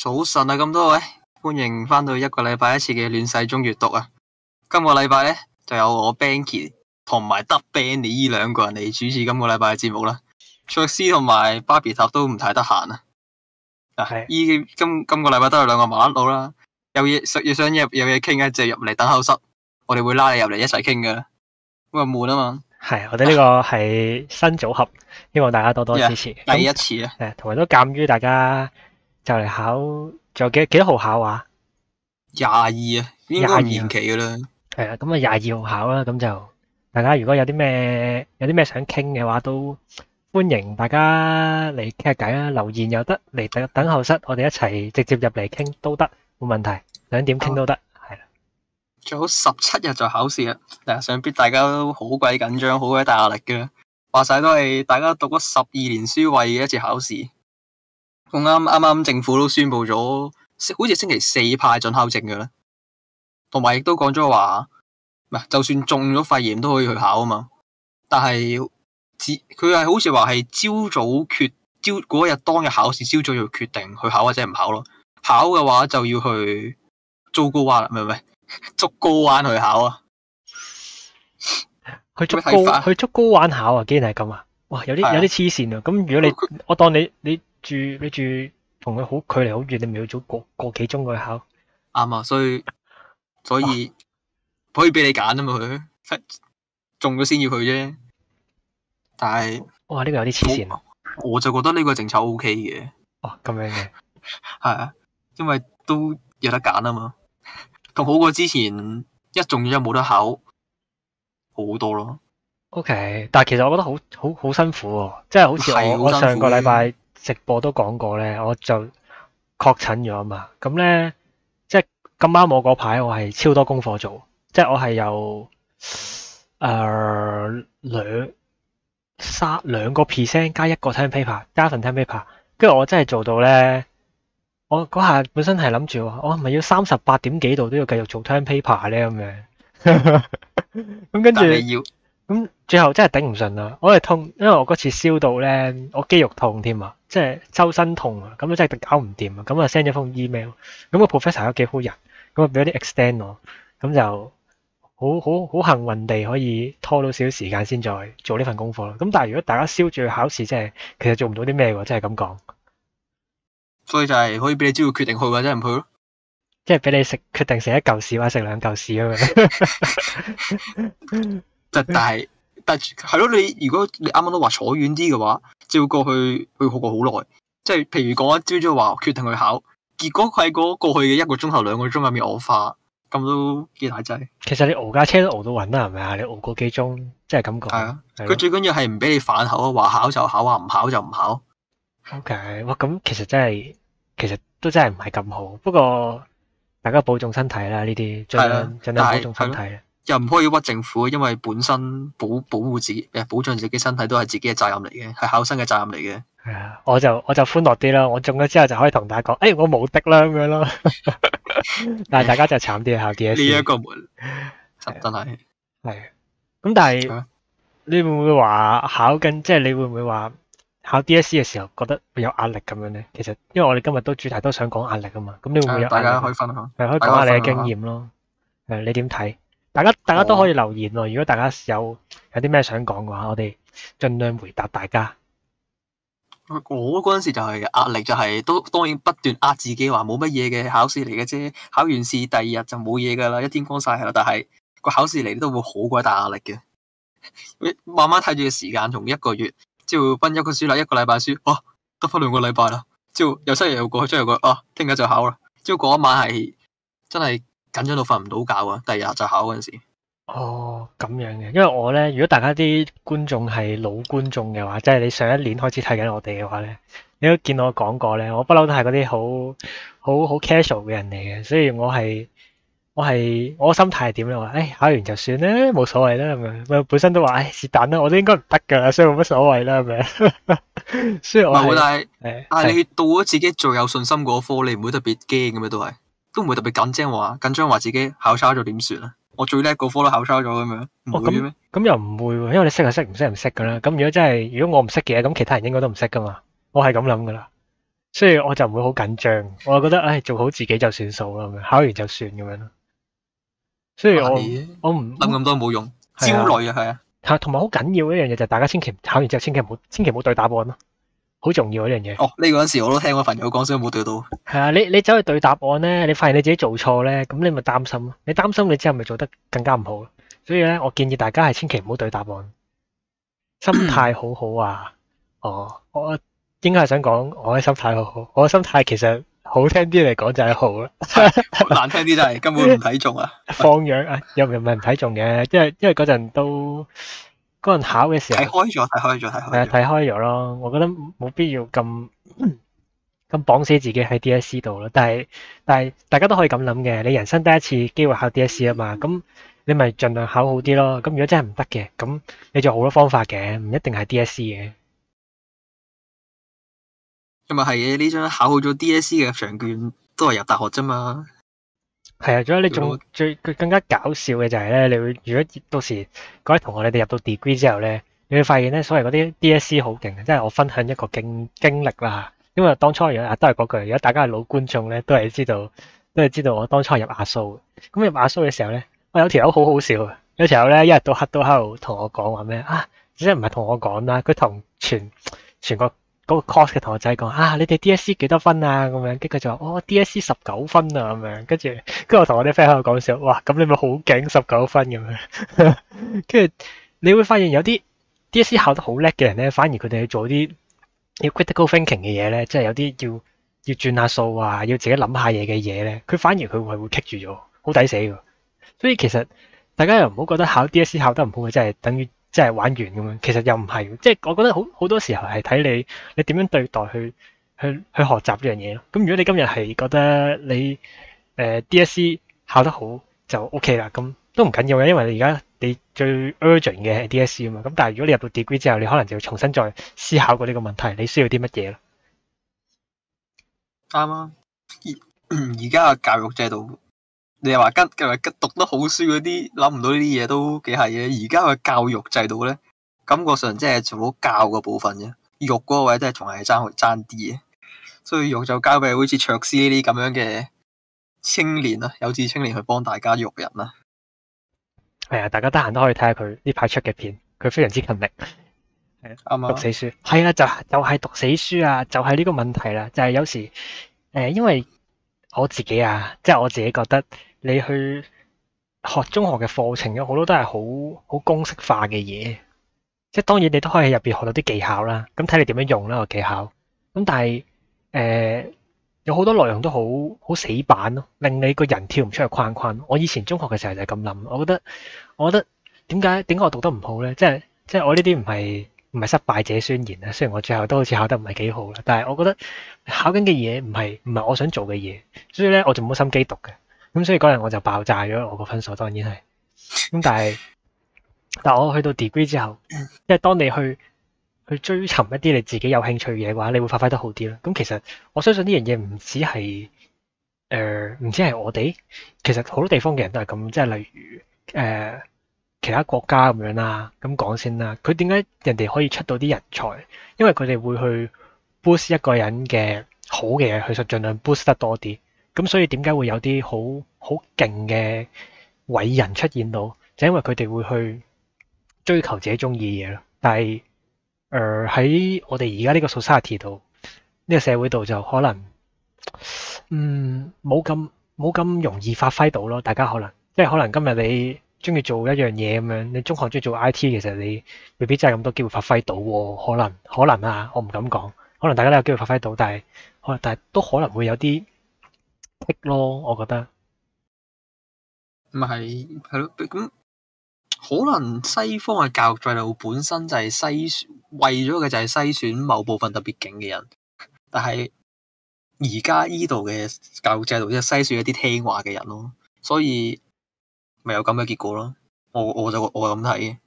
早晨啊，咁多位歡迎翻到一個禮拜一次嘅亂世中閱讀啊！今個禮拜咧，就有我 Banky 同埋得 Benny 呢兩個人嚟主持今個禮拜嘅節目啦。卓斯同埋巴比塔都唔太得閒是啊，但係依今今個禮拜都有兩個麻甩佬啦。有嘢想入有嘢傾嘅，就入嚟等候室，我哋會拉你入嚟一齊傾噶。咁啊，悶啊嘛。係我哋呢個係新組合，啊、希望大家多多支持。Yeah, 第一次啊，同埋都鑒於大家。就嚟考，仲有幾幾多號考啊？廿二啊，廿二期噶啦。係啊，咁啊廿二號考啦，咁就大家如果有啲咩有啲咩想傾嘅話，都歡迎大家嚟傾下偈啊。留言又得嚟等等候室，我哋一齊直接入嚟傾都得，冇問題。兩點傾都得，係啦，啊。最好十七日就考試啦，嗱，想必大家都好鬼緊張，好鬼大壓力嘅，話晒都係大家讀咗十二年書為嘅一次考試。咁啱啱啱，剛剛政府都宣布咗，好似星期四派準考證嘅咧，同埋亦都講咗話，唔係就算中咗肺炎都可以去考啊嘛。但係自佢係好似話係朝早決朝，嗰日當日考試，朝早就決定去考或者唔考咯。考嘅話就要去竹篙灣，明唔明？竹篙灣去考啊 ？去竹篙去竹篙灣考啊？竟然係咁啊！哇，有啲有啲黐線啊！咁、嗯、如果你、嗯、我當你你住你住同佢好距離好遠，你咪要早過過幾鐘去考？啱啊，所以所以哇可以俾你揀啊嘛，佢中咗先要去啫。但係哇，呢、呢個有啲黐線啊我！我就覺得呢個政策 O K 嘅。哇，咁樣嘅係啊， 因為都有得揀啊嘛，同好過之前一中咗一冇得考好好多咯。O、okay, K，但係其實我覺得好好好辛苦，哦，即係好似我，我上個禮拜直播都講過咧，我就確診咗嘛。咁咧即係咁啱，我嗰排我係超多功課做，即係我係有誒兩三兩個 percent 加一個 term paper 加份 term paper，跟住，我真係做到咧。我嗰下本身係諗住我係咪要三十八點幾度都要繼續做 term paper 咧，咁樣咁跟住。咁最後真係頂唔順啦，我係痛，因為我嗰次燒到咧，我肌肉痛添啊，即係周身痛啊，咁啊真係搞唔掂啊，咁啊 send 咗封 email，咁個 professor 又幾好人，咁啊俾啲 extend 我，咁就好好好幸運地可以拖到少少時間先再做呢份功課啦。咁但係如果大家燒住去考試，即係其實做唔到啲咩嘅，真係咁講。所以就係可以俾你知道決定去或者唔去咯，即係俾你食決定食一嚿屎啊，或者食兩嚿屎咁樣。但係，但係咯。你如果你啱啱都話坐遠啲嘅話，照過去會好過好耐，即係譬如講，朝朝話決定去考，結果佢喺嗰過去嘅一個鐘頭、兩個鐘入面熬化，咁都幾大劑。其實你熬架車都熬到暈啦，係咪啊？你熬個幾鐘，即係咁講。係啊，佢最緊要係唔俾你反口啊！話考就考，話唔考就唔考。O K，哇！咁其實真係，其實都真係唔係咁好。不過大家保重身體啦，呢啲盡量盡量保重身體。又唔可以屈政府，因為本身保保護自己保障自己身體都係自己嘅責任嚟嘅，係考生嘅責任嚟嘅。係啊，我就我就歡樂啲啦，我中咗之後就可以同大家講，誒、哎，我冇敵啦咁樣咯。 但係大家就慘啲考 DSE 呢一個門，真係係。咁 但係你會唔會話考緊，即、就、係、是、你會唔會話考 DSE 嘅時候覺得會有壓力咁樣呢？其實因為我哋今日都主題都想講壓力啊嘛，咁你會唔會有？大家可以分享、啊，係可以講下你嘅經驗咯，誒、啊，你點睇？大家大家都可以留言喎，如果大家有有啲咩想講嘅話，我哋盡量回答大家。我嗰陣時就係、係、壓力、就係，就係都當然不斷壓自己話冇乜嘢嘅考試嚟嘅啫，考完試第二日就冇嘢噶啦，一天光晒啦。但係個考試嚟都會好鬼大壓力嘅， 慢慢睇住時間，從一個月之後分一個書啦，一個禮拜書，哦、啊，得返兩個禮拜啦，之後又七日又過，之後個哦，聽、啊、日就考啦，之後嗰一晚係真係。緊張到瞓唔到覺啊！第二日就考嗰陣時，哦咁樣嘅，因為我咧，如果大家啲觀眾係老觀眾嘅話，即係你上一年開始睇緊我哋嘅話咧，你都見我講過咧，我不嬲都係嗰啲好好好 casual 嘅人嚟嘅，所以我係我係我心態係點咧？話誒，考完就算啦，冇所謂啦，咁樣本身都話唉，是但啦，我都應該唔得噶啦，所以冇乜所謂啦，咁樣。雖 然我但係、哎、但係你到咗自己最有信心嗰科，你唔會特別驚嘅咩？都係。都唔會特別緊張話，緊張話自己考差咗點算啊？我最叻個科都考差咗咁樣，唔會嘅咩？咁、哦、又唔會，因為你識就識，唔識唔識噶啦。咁如果真係如果我唔識嘅，咁其他人應該都唔識噶嘛。我係咁諗噶啦，所以我就唔會好緊張，我就覺得，唉，做好自己就算數啦，咁樣考完就算咁樣咯。所以我的我唔諗咁多冇用。焦慮係啊，吓同埋好緊要一樣嘢就大家千祈考完之後千祈唔好千祈唔好對答案咯。好重要嗰樣嘢。哦，呢個陣時我都聽我朋友講，所以冇對到。係啊，你你走去對答案咧，你發現你自己做錯咧，咁你咪擔心咯。你擔心你之後咪做得更加唔好咯。所以咧，我建議大家係千祈唔好對答案。心態好好啊。哦，我應該係想講我嘅心態好好。我嘅心態其實好聽啲嚟講就係好啦。難聽啲就係根本唔睇中啊。放養啊，又唔係唔睇中嘅，因為因為嗰陣都。嗰陣考嘅時候睇開咗，睇開咗，睇開。係啊，睇 開咗咯。我覺得冇必要咁咁綁死自己喺 DSE 度咯。但係但係大家都可以咁諗嘅。你人生得一次機會考 DSE 啊嘛，咁、嗯、你咪盡量考好啲咯。咁如果真係唔得嘅，咁你仲有好多方法嘅，唔一定係 DSE 嘅。咁咪係嘅，呢張考好咗 DSE 嘅入場券都係入大學啫嘛。係啊，仲有你仲最佢更加搞笑嘅就係、是、咧，你會如果到時各位同學你哋入到 degree 之後咧，你會發現咧所謂嗰啲 DSE 好勁，即係我分享一個經經歷啦。因為當初如果、啊、都係嗰句，如果大家係老觀眾咧，都係知道，都係知道我當初我入阿蘇。咁入阿蘇嘅時候咧，我有條友好好笑，有條友咧一日到黑都喺度同我講話咩啊，即係唔係同我講啦，佢同全全國。嗰個 course 嘅同學仔講啊，你哋 DSE 幾多分啊？咁樣，跟住佢就話，哦，DSE 十九分啊，咁樣，跟住，跟住我同我啲 friend 喺度講笑，哇，咁你咪好勁，十九分咁樣，跟住，你會發現有啲 DSE 考得好叻嘅人咧，反而佢哋去做啲要 critical thinking 嘅嘢咧，即係有啲要要轉下數啊，要自己諗下嘢嘅嘢咧，佢反而佢係會棘住咗，好抵死喎。所以其實大家又唔好覺得考 DSE 考得唔好嘅，即係等於。即係玩完咁樣，其實又唔係，即係我覺得好好多時候係睇你你點樣對待去去去學習呢樣嘢咯。咁如果你今日係覺得你誒、呃、DSE 考得好就 OK 啦，咁都唔緊要嘅，因為你而家你最 urgent 嘅係 DSE 啊嘛。咁但係如果你入到 degree 之後，你可能就要重新再思考過呢個問題，你需要啲乜嘢咯？啱啊，而而家嘅教育制度。你又話吉，又話吉，讀得好書嗰啲諗唔到呢啲嘢都幾係嘅。而家嘅教育制度咧，感覺上即係做到教嘅部分嘅，育嗰個位真係仲係爭爭啲嘅。所以育就交俾好似卓師呢啲咁樣嘅青年啦，有志青年去幫大家育人啦。係啊，大家得閒都可以睇下佢呢排出嘅片，佢非常之勤力。係 啱啊。讀死書係啊，就是、就係、是、讀死書啊，就係、是、呢個問題啦。就係、是、有時誒、呃，因為我自己啊，即、就、係、是、我自己覺得。你去學中學嘅課程，有好多都係好好公式化嘅嘢，即係當然你都可以喺入邊學到啲技巧啦。咁睇你點樣用啦個技巧。咁但係誒、呃、有好多內容都好好死板咯，令你個人跳唔出去框框。我以前中學嘅時候就係咁諗，我覺得我覺得點解點解我讀得唔好咧？即係即係我呢啲唔係唔係失敗者宣言咧。雖然我最後都好似考得唔係幾好啦，但係我覺得考緊嘅嘢唔係唔係我想做嘅嘢，所以咧我就冇心機讀嘅。咁、嗯、所以嗰日我就爆炸咗，我個分數當然係。咁但係，但，但我去到 degree 之後，即係當你去去追尋一啲你自己有興趣嘅嘢嘅話，你會發揮得好啲啦。咁、嗯、其實我相信呢樣嘢唔止係誒，唔止係我哋，其實好多地方嘅人都係咁。即係例如誒、呃，其他國家咁樣啦，咁講先啦。佢點解人哋可以出到啲人才？因為佢哋會去 boost 一個人嘅好嘅嘢，佢實盡量 boost 得多啲。咁所以點解會有啲好好勁嘅偉人出現到，就因為佢哋會去追求自己中意嘅嘢咯。但係誒喺我哋而家呢個 Society 度呢個社會度、這個、就可能，嗯冇咁冇咁容易發揮到咯。大家可能即係可能今日你中意做一樣嘢咁樣，你中學中意做 IT 其實你未必真係咁多機會發揮到喎。可能可能啊，我唔敢講。可能大家都有機會發揮到，但係可能但係都可能會有啲。辟咯，我覺得唔係係咯咁，可能西方嘅教育制度本身就係篩選，為咗嘅就係篩選某部分特別勁嘅人，但係而家呢度嘅教育制度即係篩選一啲聽話嘅人咯，所以咪有咁嘅結果咯。我我就我係咁睇嘅，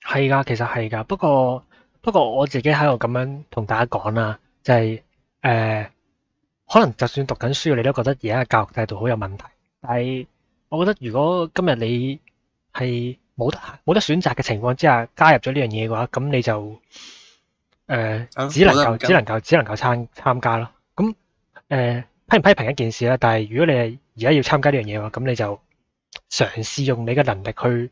係噶，其實係噶，不過不過我自己喺度咁樣同大家講啦，就係、是、誒。呃可能就算讀緊書你都覺得而家嘅教育制度好有問題，但係我覺得如果今日你係冇得冇得選擇嘅情況之下加入咗呢樣嘢嘅話，咁你就誒、呃啊、只能夠敢只能夠只能夠參參加咯。咁誒、呃、批唔批評一件事啦，但係如果你係而家要參加呢樣嘢嘅話，咁你就嘗試用你嘅能力去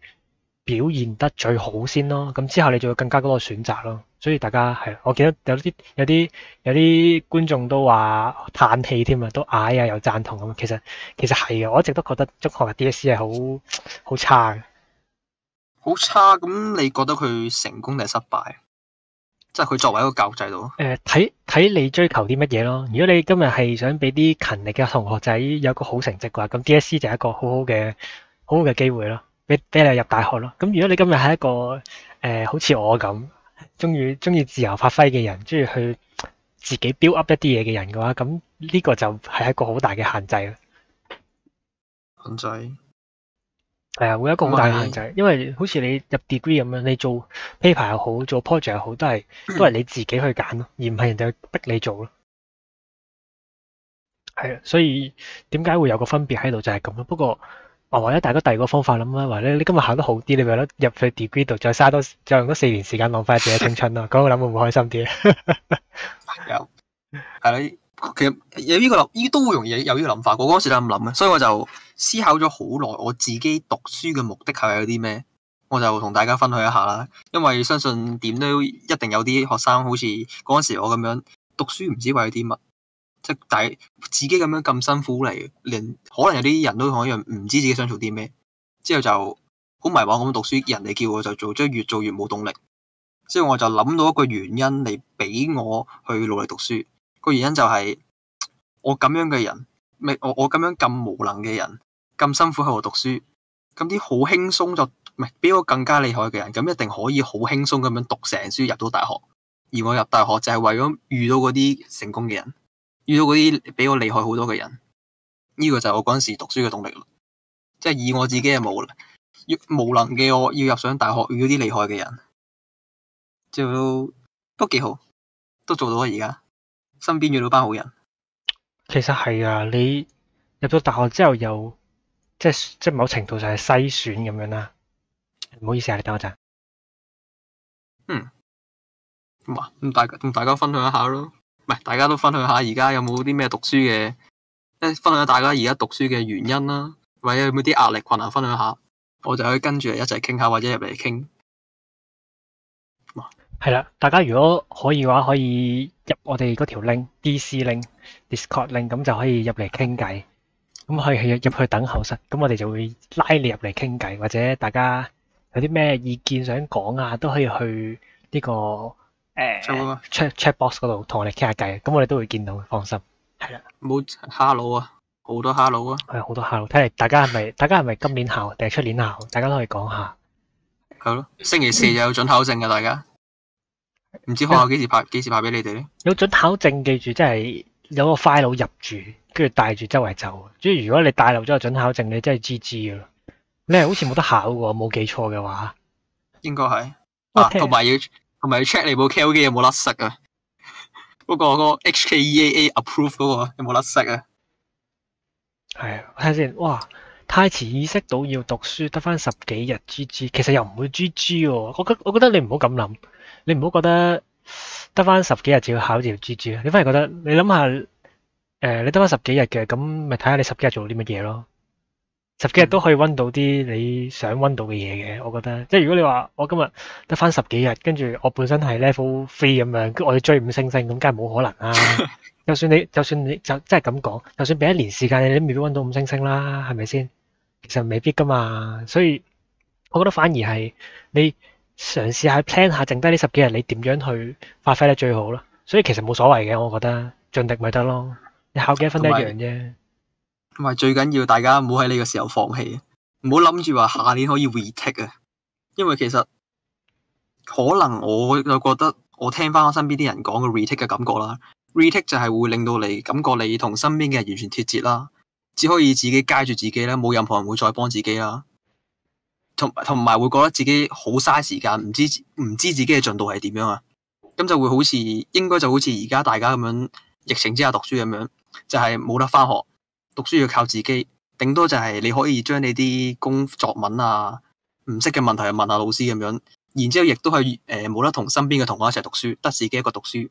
表現得最好先咯，咁之後你仲會更加多個選擇咯。所以大家係，我記得有啲有啲有啲觀眾都話嘆氣添啊，都嗌呀，又贊同，咁其實其實係啊，我一直都覺得中學嘅 DSE 係好好差嘅，好差。咁你覺得佢成功定係失敗？即係佢作為一個教育制度誒，睇睇、呃、你追求啲乜嘢咯。如果你今日係想俾啲勤力嘅同學仔有個好成績嘅話，咁 DSE 就係一個好好嘅好好嘅機會咯。俾俾你入大學咯。咁如果你今日係一個誒、呃，好似我咁中意中意自由發揮嘅人，中意去自己 build up 一啲嘢嘅人嘅話，咁呢個就係一個好大嘅限制啦。限制係啊，會一個好大嘅限制，限制是因為好似你入 degree 咁樣，你做 paper 又好，做 project 又好，都係都係你自己去揀咯， 而唔係人哋去逼你去做咯。係啊，所以點解會有個分別喺度就係咁咯。不過。啊、或者大家第二個方法諗啦，或者你今日考得好啲，你咪諗入去 degree 度再嘥多，再用多四年時間浪費自己青春咯、啊。嗰 個諗會唔會開心啲啊？ 有係啦，其實有呢、呢個諗，呢都會容易有呢個諗法。我嗰時都係咁諗嘅，所以我就思考咗好耐，我自己讀書嘅目的係有啲咩？我就同大家分享一下啦。因為相信點都一定有啲學生好似嗰陣時我咁樣讀書唔知為咗啲乜。即係自己咁樣咁辛苦嚟，連可能有啲人都同樣唔知自己想做啲咩，之後就好迷惘咁讀書，人哋叫我就做，即係越做越冇動力。之後我就諗到一個原因嚟俾我去努力讀書。個原因就係、是、我咁樣嘅人，唔係我我咁樣咁無能嘅人咁辛苦喺度讀書，咁啲好輕鬆就唔係比我更加厲害嘅人，咁一定可以好輕鬆咁樣讀成書入到大學。而我入大學就係為咗遇到嗰啲成功嘅人。遇到嗰啲比我厲害好多嘅人，呢個就係我嗰陣時讀書嘅動力。即係以我自己嘅無能，要無能嘅我要入上大學，遇到啲厲害嘅人，就都幾好，都做到啦。而家身邊遇到班好人，其實係啊，你入咗大學之後又即係即係某程度上係篩選咁樣啦。唔好意思啊，你等我陣。嗯，哇，咁大家同大家分享一下咯。大家都分享下而家有冇啲咩讀書嘅，分享下大家而家讀書嘅原因啦，或者有冇啲壓力困難分享下，我就去跟住一齊傾下，或者入嚟傾。係啦，大家如果可以嘅話，可以入我哋嗰條 link，DC link，Discord link，咁就可以入嚟傾偈。咁可以入入去等候室，咁我哋就會拉你入嚟傾偈，或者大家有啲咩意見想講啊，都可以去呢個。誒、嗯、，check book? Chat box 嗰度同我哋傾下偈，咁我哋都會見到，放心。係啦、啊，冇 hello 啊，好多 hello 啊，係好多 hello。睇嚟，大家係咪大家係咪今年考定係出年考？大家都可以講下。係咯 哦，星期四有准考證噶，大家。唔知學校幾時派幾、嗯、時派俾你哋咧？有准考證，記住即係有個 file 入住，跟住帶住周圍走。即係如果你帶漏咗個准考證，你真係知知噶咯。你係好似冇得考噶，冇 記錯嘅話。應該係。同、啊、埋要。同埋 check 你部 K.O.G 有冇甩色啊？不 過個，個 H.K.E.A.A. approve 嗰個有冇甩色啊？係，睇下先，哇！太遲意識到要讀書，得翻十幾日 G.G.，其實又唔會 G.G. 哦。我覺我覺得你唔好咁諗，你唔好覺得得翻十幾日就要考條 G.G.，啊。你反而覺得你諗下，誒，你得翻、呃、十幾日嘅，咁咪睇下你十幾日做啲乜嘢咯。十幾日都可以溫到啲你想溫到嘅嘢嘅，我覺得即係、就是、如果你話我今日得翻十幾日，跟住我本身係 level three 咁樣，我要追五星星，咁梗係冇可能啦，啊。 就算你，就算你就真係咁講，就算俾一年時間，你都未必溫到五星星啦，係咪先？其實未必噶嘛，所以我覺得反而係你嘗試下 plan 下，下剩低呢十幾日你點樣去發揮得最好咯。所以其實冇所謂嘅，我覺得盡力咪得咯，你考幾多分都一樣啫。同埋最緊要，大家唔好喺呢個時候放棄，唔好諗住話下年可以 retake 啊。Take，因為其實可能我就覺得，我聽翻我身邊啲人講嘅 retake 嘅感覺啦。retake 就係會令到你感覺你同身邊嘅人完全脫節啦，只可以自己捱住自己啦，冇任何人會再幫自己啦。同同埋會覺得自己好嘥時間，唔知唔知自己嘅進度係點樣啊。咁就會好似應該就好似而家大家咁樣疫情之下讀書咁樣，就係、是、冇得翻學。讀書要靠自己，頂多就係你可以將你啲工作文啊，唔識嘅問題問下老師咁樣，然之後亦都係誒冇得同身邊嘅同學一齊讀書，得自己一個讀書。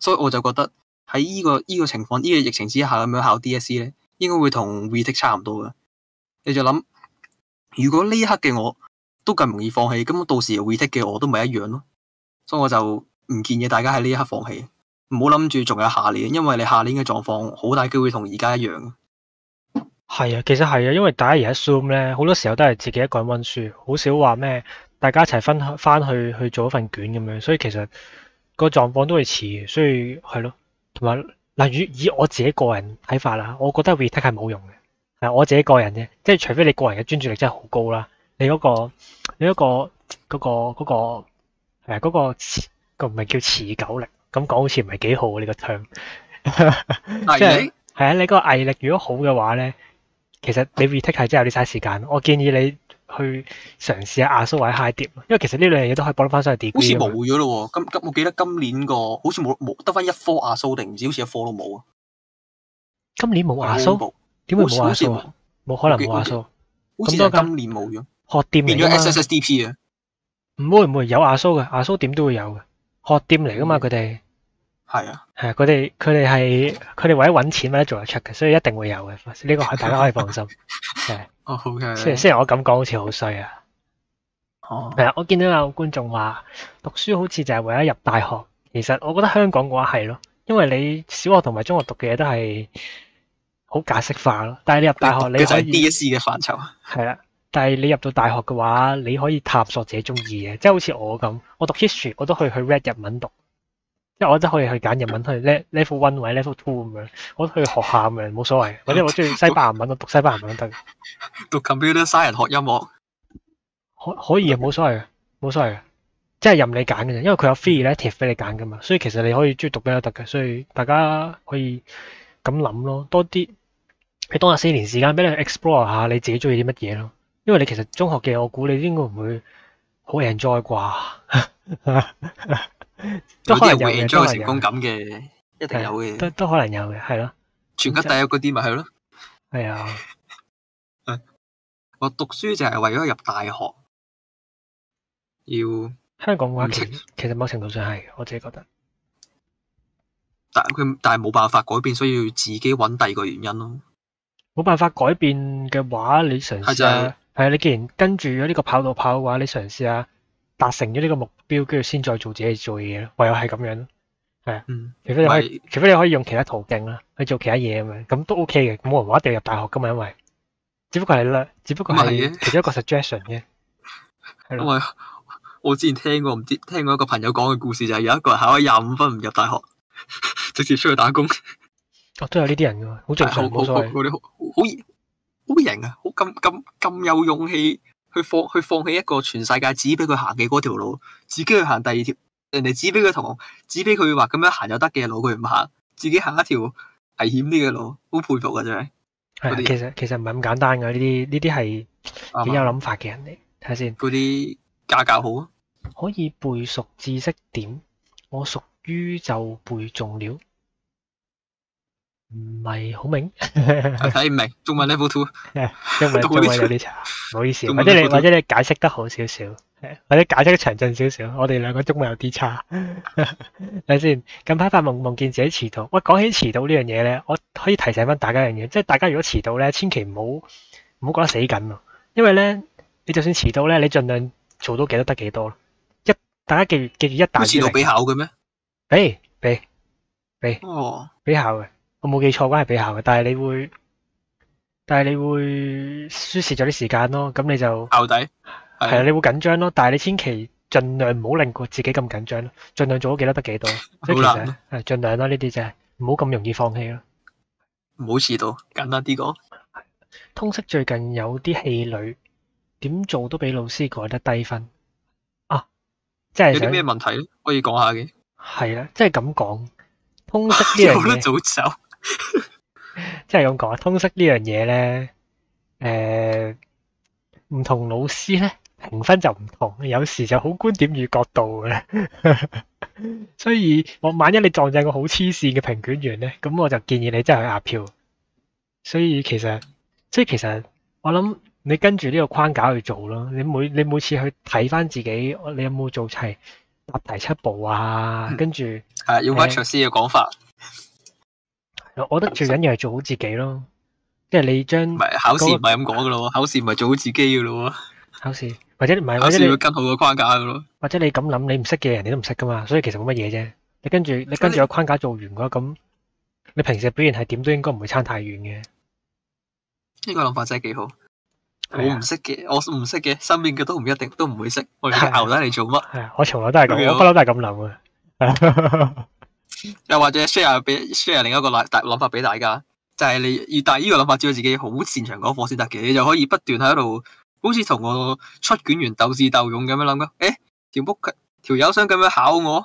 所以我就覺得喺呢個呢個情況，呢個疫情之下咁樣考 DSE 咧，應該會同 retake 差唔多嘅。你就諗，如果呢一刻嘅我都咁容易放棄，咁到時 retake 嘅我都咪一樣咯。所以我就唔建議大家喺呢一刻放棄，唔好諗住仲有下年，因為你下年嘅狀況好大機會同而家一樣。係啊，其實係啊，因為大家而家 Zoom 咧，好多時候都係自己一個人溫書，好少話咩，大家一齊分翻去去做一份卷咁樣，所以其實個狀況都係似，所以係咯，同埋嗱，如以，以我自己個人睇法啦，我覺得 Retake 係冇用嘅，係我自己個人啫，即係除非你個人嘅專注力真係好高啦，你嗰個你一個嗰個嗰個誒嗰個持個唔係叫持久力，咁講好似唔係幾好啊呢個 term，係啊，你個毅力如果好嘅話咧。其實你 retake 係真係有啲嘥時間，我建議你去嘗試下亞蘇或者 high dip，因為其實呢兩樣嘢都可以搏翻上 degree。好似冇咗咯，今今我記得今年個好似冇冇得翻一科亞蘇定唔知好似一科都冇。啊。今年冇亞蘇，點會冇亞蘇？冇可能冇亞蘇，好似係今年冇咗。學店嚟啊，變咗 SSSDP 啊！唔會唔會有亞蘇嘅，亞蘇點都會有嘅，學店嚟噶嘛佢哋。嗯係啊，係佢哋，佢哋係，佢哋為咗搵錢或者做得出嘅，所以一定會有嘅，呢、呢個大家可以放心。係、 啊，哦好嘅。雖然雖然我咁講好似好衰啊，哦，係啊，我見到有觀眾話讀書好似就係為咗入大學，其實我覺得香港嘅話係咯，因為你小學同埋中學讀嘅嘢都係好格式化咯，但係你入大學你可以 你 DSE 嘅範疇，係啦，但係你入到大學嘅話，你可以探索自己中意嘅，即係好似我咁，我讀 history，我都可以去 read 日文讀。因為我真可以去揀日文去，去讀 level one 或者 level two 咁樣，我去學下咁樣，冇所謂。或者我中意西班牙文， 我讀西班牙文都得。讀 computer science，學音樂，可可以啊，冇所謂啊，冇所謂啊，真係任你揀嘅啫。因為佢有 free elective 俾你揀噶嘛，所以其實你可以中意讀咩都得嘅。所以大家可以咁諗咯，多啲你當下四年時間俾你 explore 下你自己中意啲乜嘢咯。因為你其實中學嘅，我估你應該唔會好 enjoy 啩。 都可能會 enjoy 成功感嘅，一定有嘅，都都可能有嘅，係咯，全級第一嗰啲咪係咯，係啊，我讀書就係為咗入大學，要香港嘅話，其實某程度上係，我自己覺得，但佢但係冇辦法改變，所以要自己揾第二個原因咯，冇辦法改變嘅話，你嘗試係就係啊，你既然跟住咗呢個跑道跑嘅話，你嘗試下。達成咗呢個目標，跟住先再做自己做嘢，唯有係咁樣，係啊。除非你可以，嗯、除非你可以用其他途徑啦，去做其他嘢啊嘛。咁都 OK 嘅，冇人話一定要入大學噶嘛。因為只不過係咧，只不過係其中一個 suggestion 嘅。我我之前聽過唔知聽過一個朋友講嘅故事，就係、係、有一個人考咗廿五分唔入大學， 直接出去打工。哦，都有呢啲人噶，好勁啊！冇所謂，好好型啊，好咁咁咁有勇氣。去放去放棄一個全世界指俾佢行嘅嗰條路，自己去行第二條。人哋指俾佢同指俾佢話咁樣行就得嘅路，佢唔行，自己行一條危險啲嘅路，好佩服㗎真係。係、啊、其實其實唔係咁簡單㗎，呢啲呢啲係幾有諗法嘅人嚟，睇下先。嗰啲家教好啊，可以背熟知識點，我屬於就背中了。唔係好明，我睇唔明中文 level two，中文中文有啲差，唔好意思。或者你或者你解釋得好少少，或者解釋得詳盡少少。我哋兩個中文有啲差，等陣先。近排發夢夢見自己遲到。喂，講起遲到呢樣嘢咧，我可以提醒翻大家一樣嘢，即係大家如果遲到咧，千祈唔好唔好覺得死緊咯。因為咧，你就算遲到咧，你盡量做到幾多得幾多咯。一大家記記住一但遲到俾考嘅咩？俾俾俾哦，俾考嘅。我冇記錯，關係比考嘅，但係你會，但係你會輸蝕咗啲時間咯。咁你就牛底係啊，你會緊張咯。但係你千祈盡量唔好令過自己咁緊張咯，盡量做多幾多得幾多。好難啊！係盡量啦，呢啲就係，唔好咁容易放棄咯。唔好遲到，簡單啲講。通識最近有啲氣餒點做都俾老師改得低分啊！即係有咩問題可以講下嘅係啊，即係咁講通識啲嘢。早走。即係咁講，通識呢樣嘢呢，誒、呃，唔同老師呢，評分就唔同，有時就好觀點與角度嘅。 所以我萬一你撞正個好黐線嘅評卷員呢，咁我就建議你真係去壓票。所以其實，即係其實，我諗你跟住呢個框架去做咯。你每你每次去睇翻自己，你有冇做齊答第七步啊？嗯、跟住着係用馬長師嘅講法。嗯我我覺得最緊要係做好自己咯，即係你將考試唔係咁講噶咯，考試唔係做好自己噶咯，考試或者你唔係，考試要跟好個框架咯。或者你咁諗，你唔識嘅人你都唔識噶嘛，所以其實冇乜嘢啫。你跟住你跟住個框架做完嘅話，咁你平時表現係點都應該唔會差太遠嘅。呢個諗法真係幾好。我唔識嘅，我唔識嘅，身邊嘅都唔一定都唔會識。我牛仔嚟做乜？係啊，我從來都係咁，不嬲都係咁諗嘅。又或者 share 俾 share 另一個諗諗法俾大家，就係、是、你要但呢個諗法只有自己好擅長嗰一科先得嘅，你就可以不斷喺度好似同我出卷員鬥智鬥勇咁樣諗咯。誒、欸，條 b 條友想咁樣考我，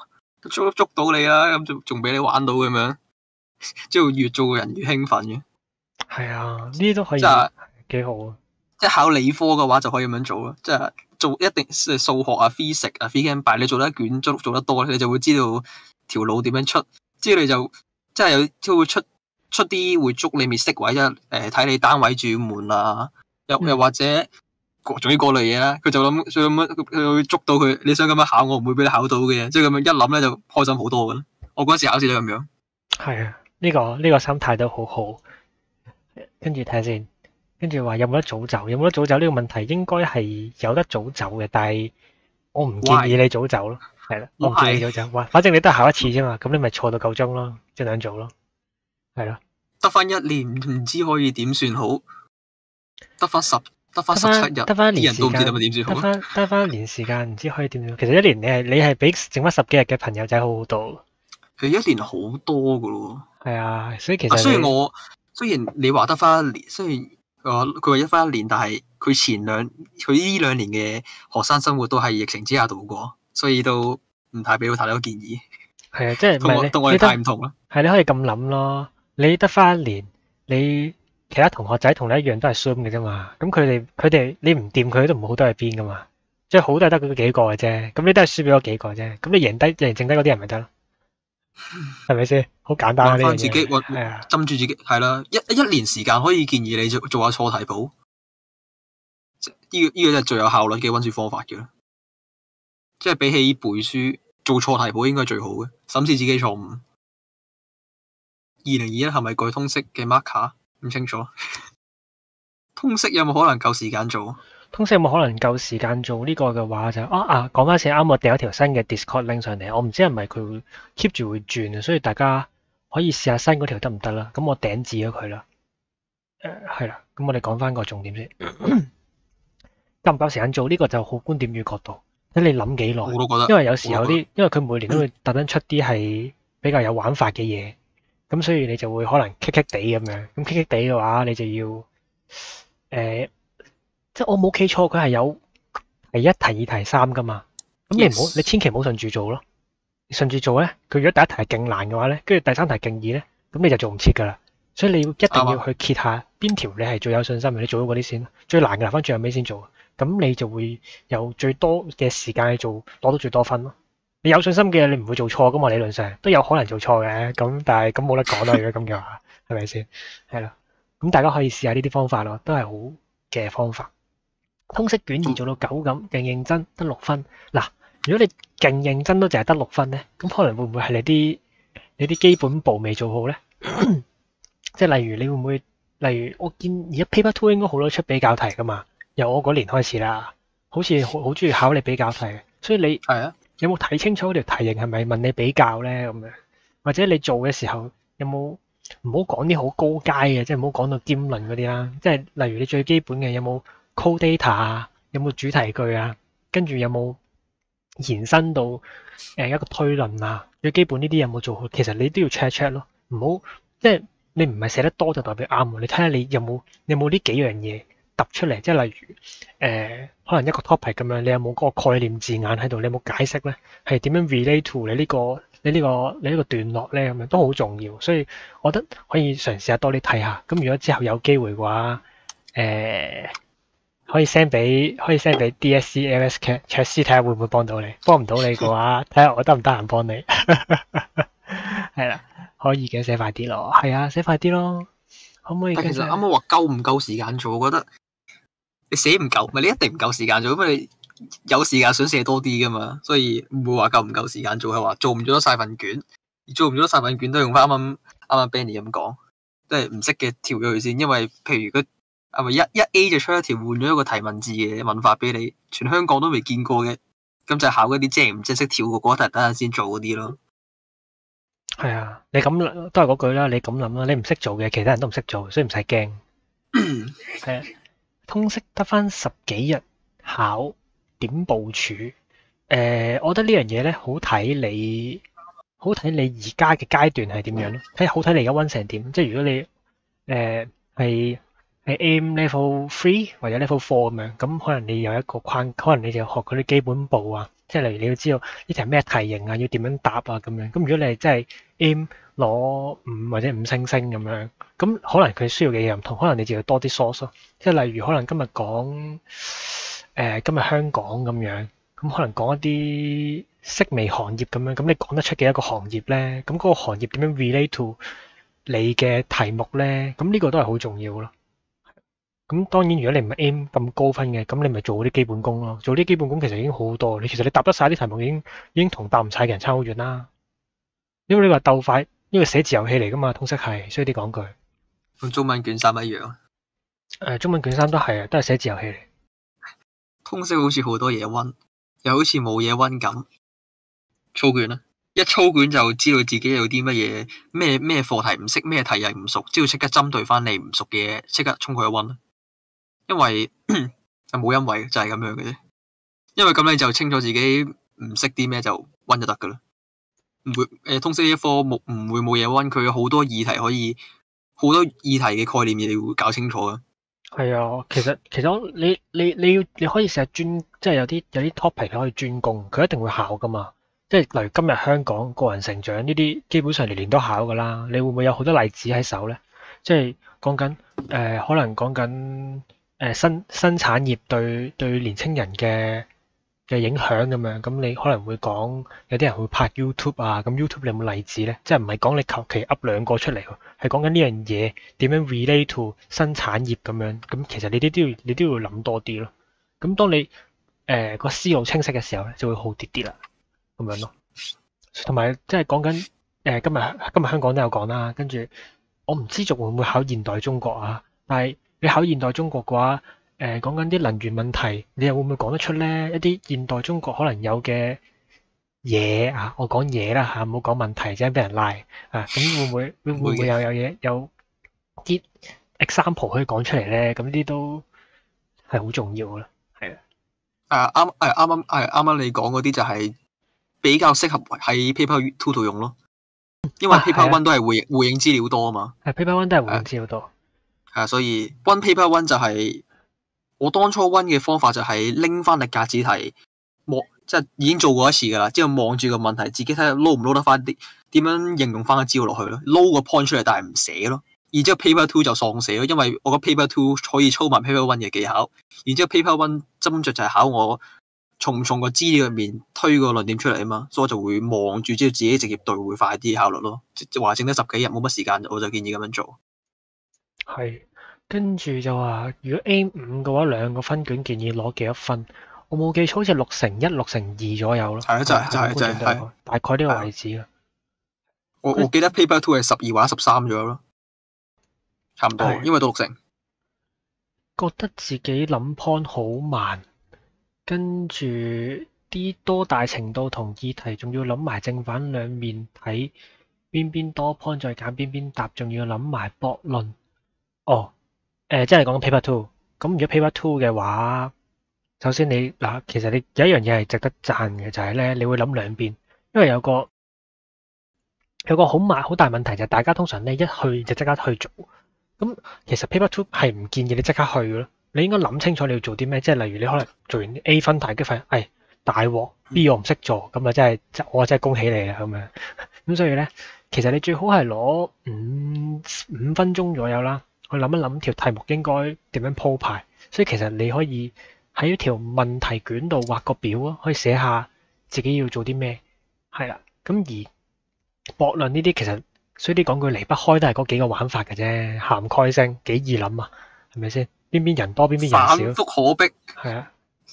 捉捉到你啦，咁仲仲俾你玩到咁樣，即 係越做個人越興奮嘅。係啊，呢啲都可以，即係幾好。一考理科嘅話就可以咁樣做啦，即、就、係、是、做一定數學啊、physics 啊、physics 但係你做得一卷做做得多你就會知道。條路點樣出？即係就即係有都會出出啲會捉你面識位一誒，睇、呃、你單位住門啦、啊，又又或者仲要各類嘢啦。佢就諗想咁捉到佢。你想咁樣考我，唔會俾你考到嘅。即係咁樣一諗咧，就開心好多噶啦。我嗰時考試都咁樣。係啊，呢、這個呢、這個心態都好好。跟住睇下先，跟住話有冇得早走？有冇得早走？呢個問題應該係有得早走嘅，但係我唔建議你早走咯。係啦，我，是我反正你都係考一次啫嘛，咁你咪錯到夠鐘咯，即係兩組咯，係咯，得翻一年唔知可以點算好？得翻十，得翻十七日，得翻年都唔知點算好？得翻一年時間，唔知可以點算好？其實一年你係你係比剩翻十幾日嘅朋友仔好好多。佢一年好多噶咯，係啊，所以其實、啊、雖然我雖然你話得翻一年，雖然啊佢話一翻一年，但係佢前兩佢呢兩年嘅學生生活都係疫情之下度過。所以都唔太俾到太多建議，係啊，即係我你同我同我哋太唔同咯。係你可以咁諗咯，你得翻一年，你其他同學仔同你一樣都係輸嘅啫嘛。咁佢哋佢哋你唔掂佢都唔好，都係邊㗎嘛。即係好都係得佢幾個嘅啫。咁你都係輸俾嗰幾個啫。咁你贏低贏剩低嗰啲人咪得咯，係咪先？好簡單啊！呢自己，搵針住自己，係啦的、嗯。一一,一年時間可以建議你做做下錯題簿，呢個呢個真係最有效率嘅温書方法嘅。即係比起背書做錯題簿，應該最好嘅。審視自己錯誤。二零二一係咪改通識嘅 marker？唔清楚。 通識有冇可能夠時間做？通識有冇可能夠時間做呢個嘅話就啊啊講翻先啱，我掉一條新嘅 Discord link 上嚟，我唔知係咪佢會 keep 住會轉，所以大家可以試下新嗰條得唔得啦。咁我頂置咗佢啦。誒係啦，咁我哋講翻個重點先，夠唔夠時間做呢、這個就好觀點與角度。你諗幾耐？我都覺得，因為有時候有啲，因為佢每年都會特登出啲係比較有玩法嘅嘢，咁、嗯、所以你就會可能棘棘地咁樣，咁棘棘地嘅話，你就要誒、呃，即係我冇記錯，佢係有係一題、二題、三噶嘛，咁你唔好，Yes. 你千祈唔好順住做咯，順住做咧，佢如果第一題係勁難嘅話咧，跟住第三題勁易咧，咁你就做唔切噶啦，所以你要一定要去揭下邊條你係最有信心，你做到嗰啲先，吧最難嘅留翻最後尾先做。咁你就會有最多嘅時間去做，攞到最多分咯。你有信心嘅，你唔會做錯噶嘛。理論上都有可能做錯嘅，咁但係咁冇得講咯。如果咁嘅話，係咪先？係咯。咁大家可以試下呢啲方法咯，都係好嘅方法。通識卷二做到九咁，勁認真得六分。嗱，如果你勁認真都淨係得六分咧，咁可能會唔會係你啲你啲基本步未做好咧？ 即係例如你會唔會？例如我見而家 Paper Two 應該好多出比較題噶嘛。由我嗰年開始啦，好似好好中意考你比較題，所以你係啊，有冇睇清楚嗰條題型係咪問你比較咧咁樣？或者你做嘅時候有冇唔好講啲好高階嘅，即係唔好講到兼論嗰啲啦。即係例如你最基本嘅有冇 call data 啊，有冇主題句啊，跟住有冇延伸到誒一個推論啊？最基本呢啲有冇做好？其實你都要 check check 咯，唔好即係你唔係寫得多就代表啱。你睇下你有冇，你冇呢幾樣嘢。突出嚟，即係例如誒、呃，可能一個 topic 咁樣，你有冇嗰個概念字眼喺度？你有冇解釋咧？係點樣 relate to 你呢個？你呢個？你呢個段落咧？咁樣都好重要，所以我覺得可以嘗試下多啲睇下。咁如果之後有機會嘅話，誒、呃、可以 send 俾可以 send 俾 DSCLSK c 卓斯睇下會唔會幫到你？幫唔到你嘅話，睇下 我得唔得閒幫你。係 啦，可以嘅，寫快啲咯。係啊，寫快啲咯。可唔可以？但係其實啱啱話夠唔夠時間做，我覺得。寫唔夠，咪你，你一定唔夠時間做。因為你有時間想寫多啲噶嘛，所以唔會話夠唔夠時間做，係話做唔做得晒份卷。而做唔做得晒份卷都用翻啱啱啱啱 Benny 咁講，即係唔識嘅跳咗佢先。因為譬如佢係咪一一 A 就出一條換咗一個提文字嘅文法俾你，全香港都未見過嘅。咁就考一啲正唔正識跳嘅嗰一題，等下先做嗰啲咯。係啊、哎，你咁都係嗰句啦。你咁諗啦，你唔識做嘅，其他人都唔識做，所以唔使驚。係啊， 通識得返十幾日考點部署，誒、呃，我覺得呢樣嘢咧，好睇你，好睇你而家嘅階段係點樣咯，睇好睇你而家温成點。即係如果你誒係係 aim level three 或者 level four 咁樣，咁可能你有一個框，可能你就學佢啲基本步啊，即係例如你要知道呢題咩題型啊，要點樣答啊咁樣。咁如果你係真係 aim 攞五或者五星星咁樣，咁可能佢需要嘅嘢又唔同，可能你就要多啲 source。即係例如可能今日講誒今日香港咁樣，咁可能講一啲式微行業咁樣，咁你講得出嘅一個行業咧，咁嗰個行業點樣 relate to 你嘅題目咧？咁呢個都係好重要咯。咁當然如果你唔係 aim 咁高分嘅，咁你咪做啲基本功咯。做啲基本功其實已經好好多。你其實你答得晒啲題目已經已經同答唔晒嘅人差好遠啦。因為你話鬥快。呢個寫字遊戲嚟噶嘛？通識係，需要啲講句，同中文卷三一樣。誒、啊，中文卷三都係啊，都係寫字遊戲嚟。通識好似好多嘢溫，又好似冇嘢溫咁。操卷啦，一操卷就知道自己有啲乜嘢，咩咩課題唔識，咩題又唔熟，只要即刻針對翻你唔熟嘅嘢，即刻衝過去溫啦。因為就冇 因為，就係、是、咁樣嘅啫。因為咁你就清楚自己唔識啲咩，就溫就得噶啦。唔會誒、呃，通識一科冇唔會冇嘢温，佢有好多議題可以，好多議題嘅概念你會搞清楚啊。係啊，其實其實你你你要你可以成日專，即係有啲有啲 topic 可以專攻，佢一定會考噶嘛。即係例如今日香港個人成長呢啲，基本上年年都考噶啦。你會唔會有好多例子喺手咧？即係講緊誒，可能講緊誒新新產業對對年青人嘅。嘅影響咁樣，咁你可能會講有啲人會拍 YouTube 啊，咁 YouTube 你有冇例子咧？即係唔係講你求其 up 兩個出嚟，係講緊呢樣嘢點樣 relate to 新產業咁樣，咁其實你啲都要你都要諗多啲咯。咁當你誒個思路清晰嘅時候咧，就會好啲啲啦，咁樣咯。同埋即係講緊誒今日今日香港都有講啦，跟住我唔知仲會唔會考現代中國啊，但係你考現代中國嘅話。誒，講緊啲能源問題，你又會唔會講得出咧？一啲現代中國可能有嘅嘢啊，我講嘢啦吓，冇講問題啫，俾人拉啊。咁會唔會會唔會有有嘢有啲 example 可以講出嚟咧？咁呢啲都係好重要咯。係啊，誒，啱誒，啱啱啱啱你講嗰啲就係比較適合喺 paper two 用咯，因為 paper one 都係回回應資料多啊嘛。係 paper one 都係回應資料多，係啊，所以 one paper one 就係。我當初溫嘅方法就係拎翻粒夾子嚟望，即係已經做過一次噶啦，之後望住個問題，自己睇下撈唔撈得翻啲點樣應用翻個資料落去咯，撈個 point 出嚟，但係唔寫咯。然之後 paper two 就喪寫咯，因為我個 paper two 可以操埋 paper one 嘅技巧。然之後 paper one 斟酌就係考我重重從個資料入面推個論點出嚟啊嘛，所以我就會望住之後自己直接對會快啲效率咯。即係話剩得十幾日冇乜時間，我就建議咁樣做。係。跟住就話，如果 A 五嘅話，兩個分卷建議攞幾多分？我冇記錯，好似六成一、六成二左右咯。係啊、就係，就係就係就係，個對大概呢個位置啊。對我我記得 Paper Two 係十二或十三左右咯，差唔多，對因為都六成。覺得自己諗 point 好慢，跟住啲多大程度同議題，仲要諗埋正反兩面睇，邊邊多 point 再揀邊邊答，仲要諗埋駁論。哦。誒，即係講、呃、paper two，咁如果 paper two 嘅話，首先你嗱，其實你有一樣嘢係值得讚嘅，就係咧，你會諗兩遍，因為有個有個好麻好大問題就係，大家通常咧一去就即刻去做，咁其實 paper two 係唔建議你即刻去咯，你應該諗清楚你要做啲咩，即係例如你可能做完 A 分題，跟住發現，哎，大鑊，B 我唔識做，咁啊真係，我真係恭喜你啊咁樣，咁所以咧，其實你最好係攞五五分鐘左右啦。去諗一諗條題目應該點樣鋪排，所以其實你可以喺條問題卷度畫個表啊，可以寫下自己要做啲咩係啦。咁而駁論呢啲其實，所以啲講句離不開都係嗰幾個玩法嘅啫，涵蓋性幾易諗啊，係咪先？邊邊人多邊邊人少，反覆可逼係的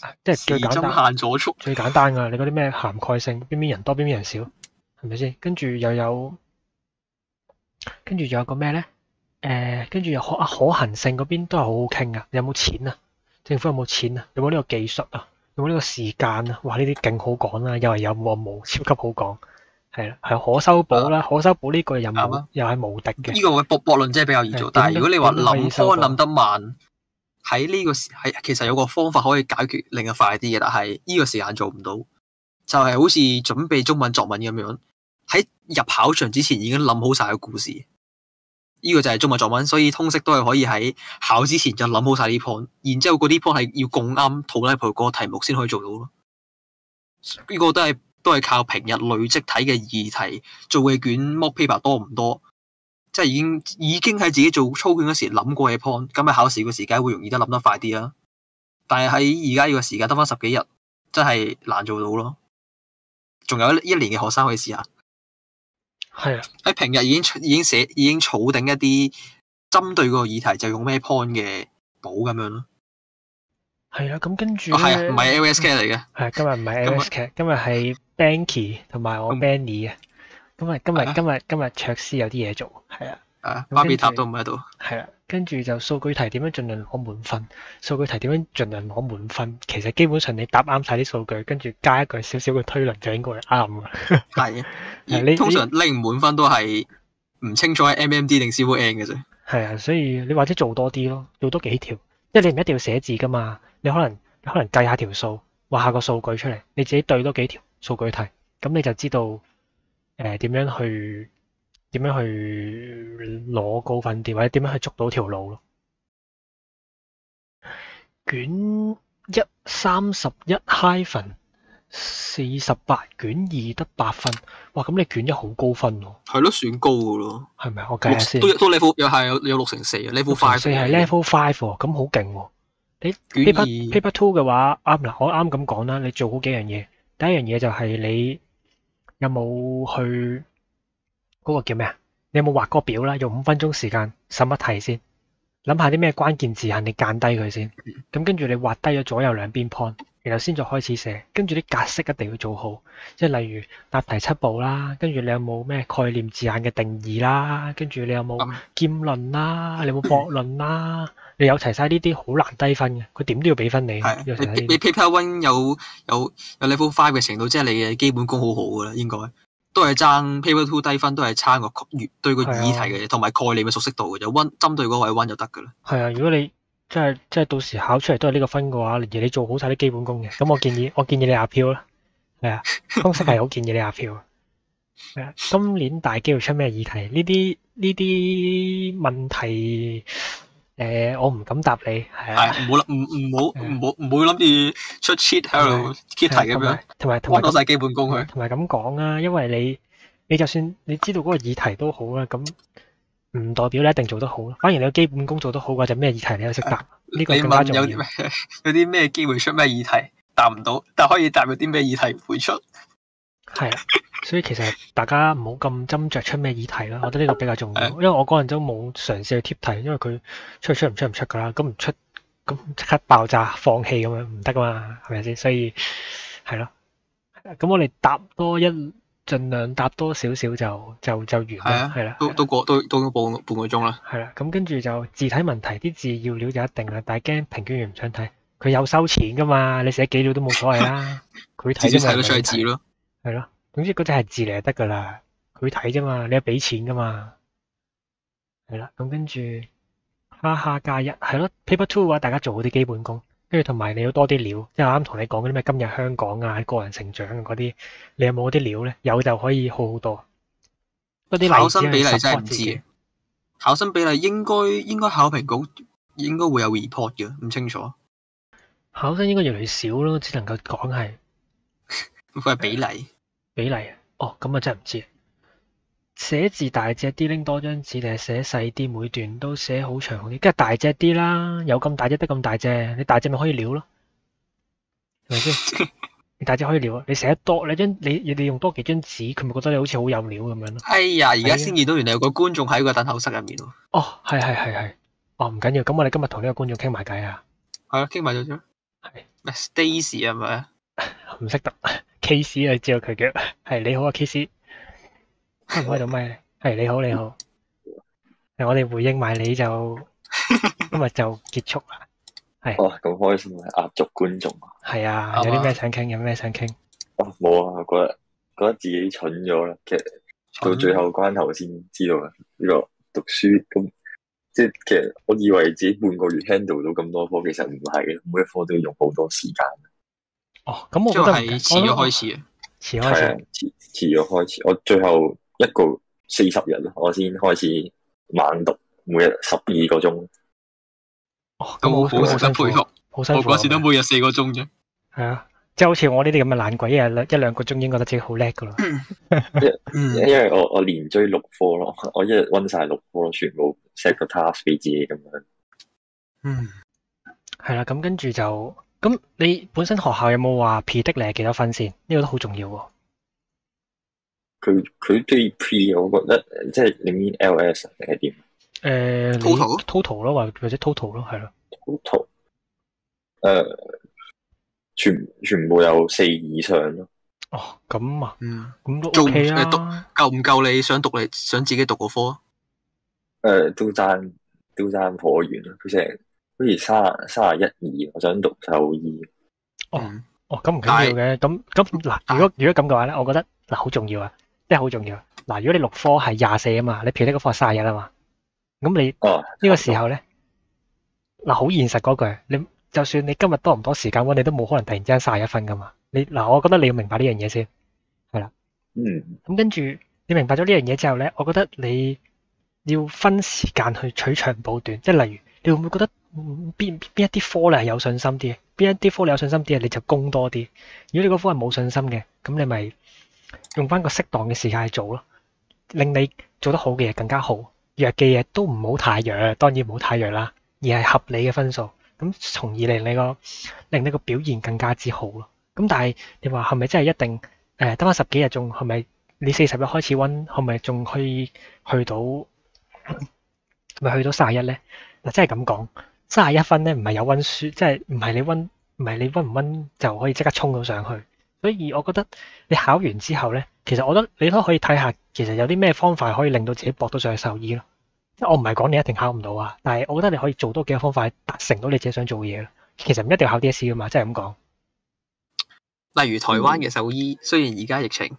啊，即係最簡單。限阻速最簡單㗎，你嗰啲咩涵蓋性，邊邊人多邊邊人少，係咪先？跟住又有跟住仲有，有個咩咧？誒，跟住又可可行性嗰邊都係好好傾㗎。有冇錢啊？政府有冇錢啊？有冇呢個技術啊？有冇呢個時間啊？哇，呢啲勁好講啦，啊，又係又冇，超級好講，啊。係啦，係可修補啦。可修補呢，啊、個有有的又又係無敵嘅。呢個會博博論真係比較易做，但係如果你話諗科諗得慢，喺呢個時喺其實有個方法可以解決，令佢快啲嘅。但係呢個時間做唔到，就係、是、好似準備中文作文咁樣，喺入考場之前已經諗好晒個故事。呢個就係中文作文，所以通識都係可以喺考之前就諗好曬啲 point，然之後嗰啲 point 係要共啱套題庫嗰個題目先可以做到咯。呢個都係都係靠平日累積睇嘅議題，做嘅卷 mock paper 多唔多，即係已經已經喺自己做操卷嗰時諗過嘅 point，咁喺考試嘅時間會容易得諗得快啲啦。但係喺而家呢個時間得翻十幾日，真係難做到咯。仲有一一年嘅學生可以試下。係啊，喺平日已經已經寫已經儲定一啲針對個議題就用咩 point 嘅寶咁樣咯。係啊，咁跟住，係、哦、啊，唔係 L.S.K. 嚟嘅，係今日唔係 L.S.K. 今日係 Banky 同埋我 Benny 啊。今日 今日、嗯、今日今日卓斯有啲嘢做，係啊。啊，媽咪答都唔喺度。係啦，跟住就數據題，點樣盡量攞滿分？數據題點樣盡量攞滿分？其實基本上你答啱晒啲數據，跟住加一句少少嘅推論，就應該係啱嘅。係，而你通常拎唔滿分都係唔清楚係 MMD 定 CWN 嘅啫。係啊，所以你或者做多啲咯，做多幾條，因為你唔一定要寫字噶嘛，你可能可能計下條數，畫下個數據出嚟，你自己對多幾條數據題，咁你就知道誒點樣去。點樣去攞高分點，或者點樣去捉到條路咯？卷一三十一 hyphen，四十八，卷二得八分，哇！咁你卷一好高分喎。係咯，算高噶咯，係咪啊？我計下先。都都你副又係有有六成四啊？你副快。四係 level five 啊，咁好勁喎！你，卷二 paper two 嘅話，啱嗱，我啱咁講啦，你做好幾樣嘢。第一樣嘢就係你有冇去？嗰個叫咩啊？你有冇畫個表啦？用五分鐘時間審一題先？諗下啲咩關鍵字眼，你揀低佢先。咁跟住你畫低咗左右兩邊 point，然後先再開始寫。跟住啲格式一定要做好，即係例如答題七步啦。跟住你有冇咩概念字眼嘅定義啦？跟住你有冇見論啦？嗯、你有冇駁論啦？ 你有齊晒呢啲，好難低分嘅。佢點都要俾分你。啊、你 paper one 有有有 level five 嘅程度，即係你嘅基本功好好噶啦，應該。都係爭 paper two 低分，都係差一個越對個議題嘅嘢，同埋係啊，概念嘅熟悉度嘅就溫，針對嗰位溫就得噶啦。係啊，如果你即係即係到時考出嚟都係呢個分嘅話，而你做好晒啲基本功嘅，咁我建議我建議你阿票啦，係啊，方式係好建議你阿票啊。係啊，今年大機會出咩議題？呢啲呢啲問題。誒、呃，我唔敢答你，係啊，唔好、啊，唔唔好，唔好，唔好諗住出 cheat 喺度揭、啊、題咁樣，同埋同埋，我多晒基本功佢，同埋咁講啊，因為你你就算你知道嗰個議題都好啊，咁唔代表你一定做得好，反而你嘅基本功做得好嘅就咩、是、議題你又識答。呢、啊、問有啲仲有啲咩機會出咩議題答唔到，但可以答到啲咩議題會出。係啦，所以其實大家唔好咁斟酌出咩議題啦。我覺得呢個比較重要，的因為我個人都冇嘗試去貼題，因為佢出唔出唔出唔出噶啦，咁唔出咁即刻爆炸放棄咁樣唔得噶嘛，係咪先？所以係咯，咁我哋答多一，盡量答多少少就就就完啦，係啦的的，都過都過都都報半個鐘啦，係啦，咁跟住就字體問題，啲字要料就一定啦，但係驚評卷員唔想睇，佢有收錢噶嘛，你寫幾料都冇所謂啦，佢睇都出咪字咯。係咯，總之嗰隻係字嚟就得噶啦，佢睇啫嘛，你又俾錢噶嘛，係啦，咁跟住，哈哈加一，係咯，Paper Two 嘅話，大家做好啲基本功，跟住同埋你要多啲料，即係啱同你講嗰啲咩今日香港啊，個人成長嗰啲，你有冇啲料咧？有就可以好好多。嗰啲考生比例真係唔知，考生比例應該應該考評局應該會有 report 嘅，唔清楚。考生應該越嚟越少咯，只能夠講係，佢係比例。比例啊，哦，咁啊真係唔知啊。寫字大隻啲，拎多張紙定係寫細啲？每段都寫好長好啲，梗係大隻啲啦。有咁大隻得咁大隻，你大隻咪可以料咯，係咪先？你大隻可以料啊，你寫得多，你張你你用多幾張紙，佢咪覺得你好似好有料咁樣咯。哎呀，而家先見到原來有個觀眾喺個等候室入面喎，哦。哦，係係係係，哦唔緊要，咁我哋今日同呢個觀眾傾埋偈啊。係咯，傾埋咗咗。係，唔係 Stacy 啊？唔識得。K C 啊，Case，知道佢嘅。係你好啊，K C 開唔開到麥？係你好，你好，我哋回應埋你就今日就結束啦。係、哎、 哦，咁開心啊，壓軸觀眾啊，係 啊，有啲咩想傾，有咩想傾？哦，冇啊，啊啊我覺得覺得自己蠢咗啦，其實到最後關頭先知道啦，呢、這個讀書咁即係其實我以為自己半個月 handle 到咁多科，其實唔係嘅。每一科都要用好多時間。哦，咁我覺得係遲咗開始，遲開始，遲遲咗開始。我最後一個四十日咯，我先開始猛讀，每日十二個鐘。哦，咁好辛苦，佩服，我嗰時都每日四個鐘啫。係啊、嗯，即係好似我呢啲咁嘅懶鬼，一日一兩個鐘已經覺得自己好叻噶啦。 因為因為我我連追六科咯，我一日溫晒六科咯，全部 set 個 task 俾自己咁樣。嗯，係啦，咁跟住就。咁你本身學校有冇話 P 得你係幾多分先？呢個都好重要喎。佢佢對 P，我覺得即係你 mean LS 定係點？誒、呃、，total，total 咯，或或者 total, total 咯，係咯。total，誒，全全部有四以上咯。哦，咁啊，嗯，咁都 OK 啦。啊、你讀夠唔夠你想讀你想自己讀個科啊？誒、呃，都爭都爭，好遠咯，都成。都好似卅卅一二，我想讀獸醫。哦，哦，咁唔緊要嘅，咁咁嗱，如果如果咁嘅話咧，我覺得嗱好重要啊，真係好重要啊。嗱，如果你六科係廿四啊嘛，你撇低嗰科卅一啊嘛，咁你呢個時候咧，嗱好現實嗰句，你就算你今日多唔多時間，你都冇可能突然之間卅一分噶嘛。你嗱，我覺得你要明白呢樣嘢先，係啦。嗯。咁跟住你明白咗呢樣嘢之後咧，我覺得你要分時間去取長補短，即係例如。你會唔會覺得邊邊一啲科你係有信心啲？邊一啲科你有信心啲啊？你就攻多啲。如果你嗰科係冇信心嘅，咁你咪用翻個適當嘅時間去做咯，令你做得好嘅嘢更加好。弱嘅嘢都唔好太弱，當然唔好太弱啦，而係合理嘅分數，咁從而令你個令你個表現更加之好咯。咁但係你話係咪真係一定誒得翻十幾日仲係咪你四十日開始溫，係咪仲可以去到係咪去到卅一咧？嗱，真係咁講，卅一分咧，唔係有温書，即係唔係你温，唔係你温唔温就可以即刻衝到上去。所以我覺得你考完之後咧，其實我覺得你都可以睇下，其實有啲咩方法可以令到自己搏到上去獸醫咯。即係我唔係講你一定考唔到啊，但係我覺得你可以做多幾個方法達成到你自己想做嘅嘢咯。其實唔一定要考 DSE 噶嘛，即係咁講。例如台灣嘅獸醫，嗯、雖然而家疫情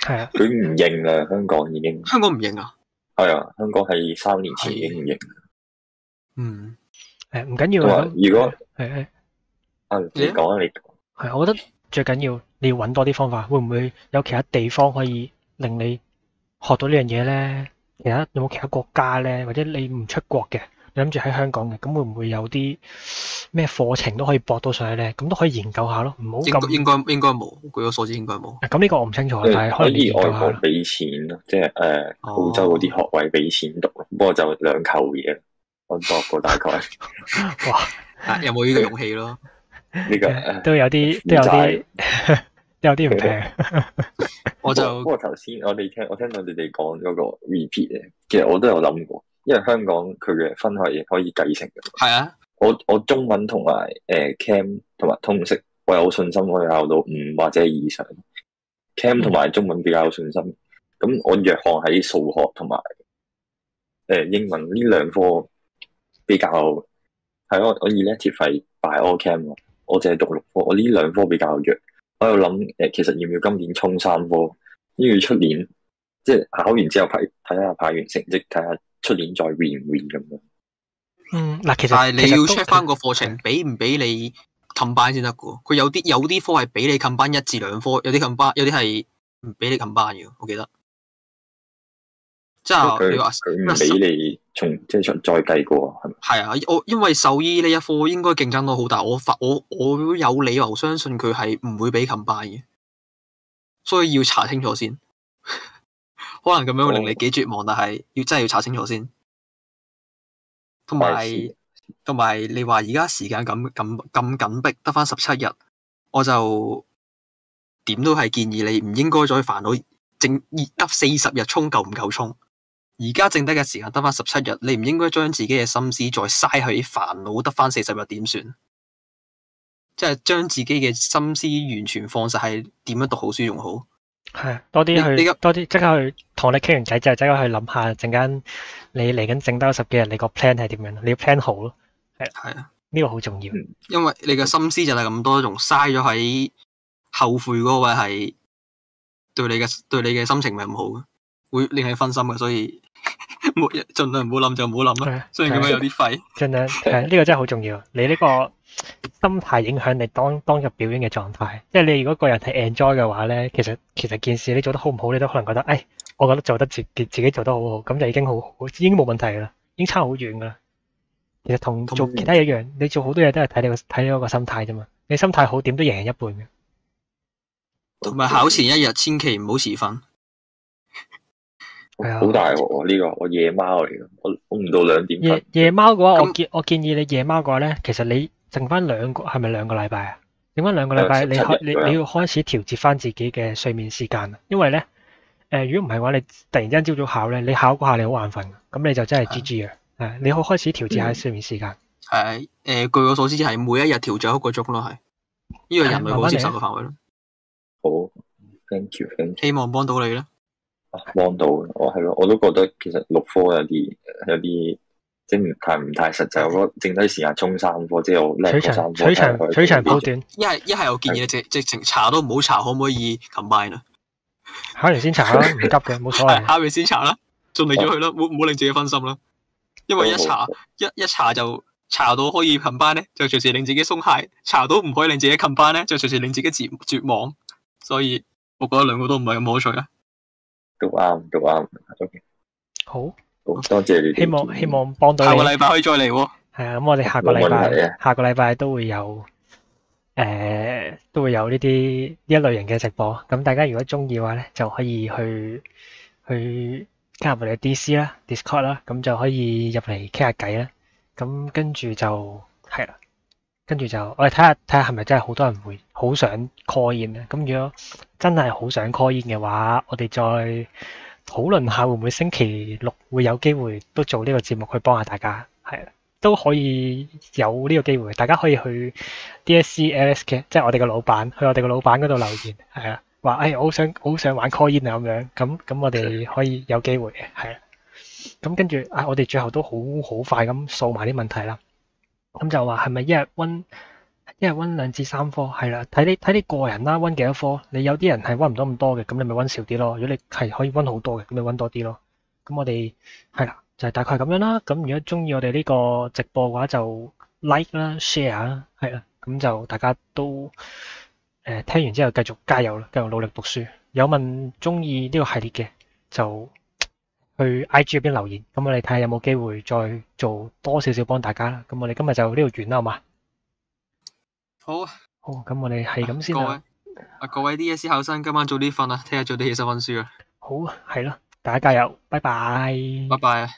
係啊，佢唔認啊，香港已經香港唔認啊，係啊，香港係三年前已經唔認。嗯，誒、欸，唔緊要。如果係係，啊、欸，你講你係，我覺得最緊要你要搵多啲方法，會唔會有其他地方可以令你學到呢樣嘢咧？其他有冇其他國家咧？或者你唔出國嘅，你諗住喺香港嘅，咁會唔會有啲咩課程都可以博到上去咧？咁都可以研究下咯，唔好咁。應該應該冇，據我所知應該冇。咁呢個我唔清楚，但係可，可以外國。俾錢咯，即係誒、呃，澳洲嗰啲學位俾錢讀咯，哦、不過就兩嚿嘢。講過大概， 哇，有冇呢個勇氣咯？呢、 這個都有啲，都有啲， 有啲唔平。 我就不過頭先我哋聽，我聽到你哋講嗰個 repeat 咧，其實我都有諗過，因為香港佢嘅分亦可以繼承。嘅。係啊，我我中文同埋誒、呃、Cam 同埋通識，我有信心可以考到五或者以上。Cam 同埋中文比較有信心，咁我弱項喺數學同埋誒英文呢兩科。比較係咯，我、e、camp, 我 elective 係 all cam 我淨係讀六科，我呢兩科比較弱。我喺度諗，誒、呃，其實要唔要今年衝三科？要出年，即係考完之後排睇下派完成績，即睇下出年再 win 唔 win 咁樣。嗯，嗱，其實係你要 check 翻個課程，俾唔俾你冚班先得噶？佢有啲有啲科係俾你冚班一至兩科，有啲冚班，有啲係唔俾你冚班嘅。我記得，即係佢佢唔俾你。從正常再再計過係咪？係啊，我因為獸醫呢一科應該競爭到好大，我發我我有理由相信佢係唔會俾 combine 嘅，所以要查清楚先。 可能咁樣會令你幾絕望，但係要真係要查清楚先。同埋同埋，事你話而家時間咁咁咁緊迫，得翻十七日，我就點都係建議你唔應該再煩惱，正熱得四十日衝夠唔夠衝？而家剩低嘅時間得翻十七日，你唔應該將自己嘅心思再嘥喺煩惱，得翻四十日點算？即係將自己嘅心思完全放曬喺點樣讀好書用好。係多啲去多啲即刻去同你傾完偈之後，即刻去諗下陣間你嚟緊剩低十幾日，你個 plan 係點樣？你要 plan 好咯。係係啊，呢個好重要。因為你嘅心思就係咁多，仲嘥咗喺後悔嗰位係對你嘅對你嘅心情咪唔好嘅，會令你分心嘅，所以。冇，盡 量唔好諗就唔好諗啦。的雖然咁樣有啲廢，盡量。呢 個真係好重要。你呢個心態影響你當當日表演嘅狀態。即係你如果個人係 enjoy 嘅話呢，其實其實件事你做得好唔好，你都可能覺得，誒、哎，我覺得做得自自己做得好好，咁就已經好已經冇問題啦，已經差好遠噶啦。其實同做其他一樣，你做好多嘢都係睇你睇你個心態啫嘛。你心態好，點都贏一半嘅。同埋考前一日，千祈唔好遲瞓。好大鑊喎呢個，我夜貓嚟㗎，我估唔到兩點。夜夜貓嘅話，我建、嗯、我建議你夜貓嘅話咧，其實你剩翻兩個係咪兩個禮拜啊？剩翻兩個禮拜，你開你你要開始調節翻自己嘅睡眠時間，因為咧誒、呃，如果唔係嘅話，你突然之間朝早考咧，你考嗰下你好眼瞓，咁你就真係 GG 啊！誒的，你好開始調節下睡眠時間。係誒、嗯呃，據我所知係每一日調整一個鐘咯，係、這、呢個人係可接受嘅範圍咯。好，thank you，希望幫到你啦。幫到我係咯，我都覺得其實六科有啲有啲真唔太唔太實際。我覺得剩低時間衝三科，即係我科三科。取長取長補短。一係一係，我建議你直直情查都唔好查，可唔可以 combine 啊？下嚟先查啦，唔急嘅，冇錯。 下嚟先查啦，仲嚟咗去啦，唔好唔好令自己分心啦。因為一查、嗯、一一,一查就查到可以 combine 咧，就隨時令自己鬆懈；查到唔可以令自己 combine 咧，就隨時令自己絕絕望。所以我覺得兩個都唔係咁好取啊。都啱，都啱，好，多謝你。希望希望幫到你，下個禮拜可以再嚟喎。係啊，咁我哋下個禮拜，下個禮拜都會有，誒，都會有呢啲呢一類型嘅直播。咁大家如果中意嘅話咧，就可以去去加入我哋嘅 DC 啦、Discord 啦，咁就可以入嚟傾下偈啦。咁跟住就係啦。跟住就，我哋睇下睇下係咪真係好多人會好想 call in 啊？咁如果真係好想 call in 嘅話，我哋再討論下會唔會星期六會有機會都做呢個節目，去幫下大家，係都可以有呢個機會，大家可以去 DSCLSK 嘅，即係我哋個老闆，去我哋個老闆嗰度留言，係啊，話哎，我好想好想玩 call in 啊，咁樣，咁咁我哋可以有機會，係啊，咁跟住啊，我哋最後都好好快咁掃埋啲問題啦。咁、嗯、就話係咪一日温一日温兩至三科係啦？睇你睇你個人啦，温幾多科？你有啲人係温唔到咁多嘅，咁你咪温少啲咯。如果你係可以温好多嘅，咁你温多啲咯。咁我哋係啦，就係、是、大概咁樣啦。咁如果中意我哋呢個直播嘅話，就 like 啦，share 係、啊、啦。咁就大家都誒、呃、聽完之後繼續加油啦，繼續努力讀書。有問中意呢個系列嘅就，去 I G 入邊留言，咁我哋睇下有冇機會再做多少少幫大家啦。咁我哋今日就呢度完啦，好嘛？好啊。好，咁我哋係咁先。各位，啊各位 D S E 考生，今晚早啲瞓啦，聽日早啲起身溫書啊。好啊，係咯，大家加油，拜拜，拜拜啊。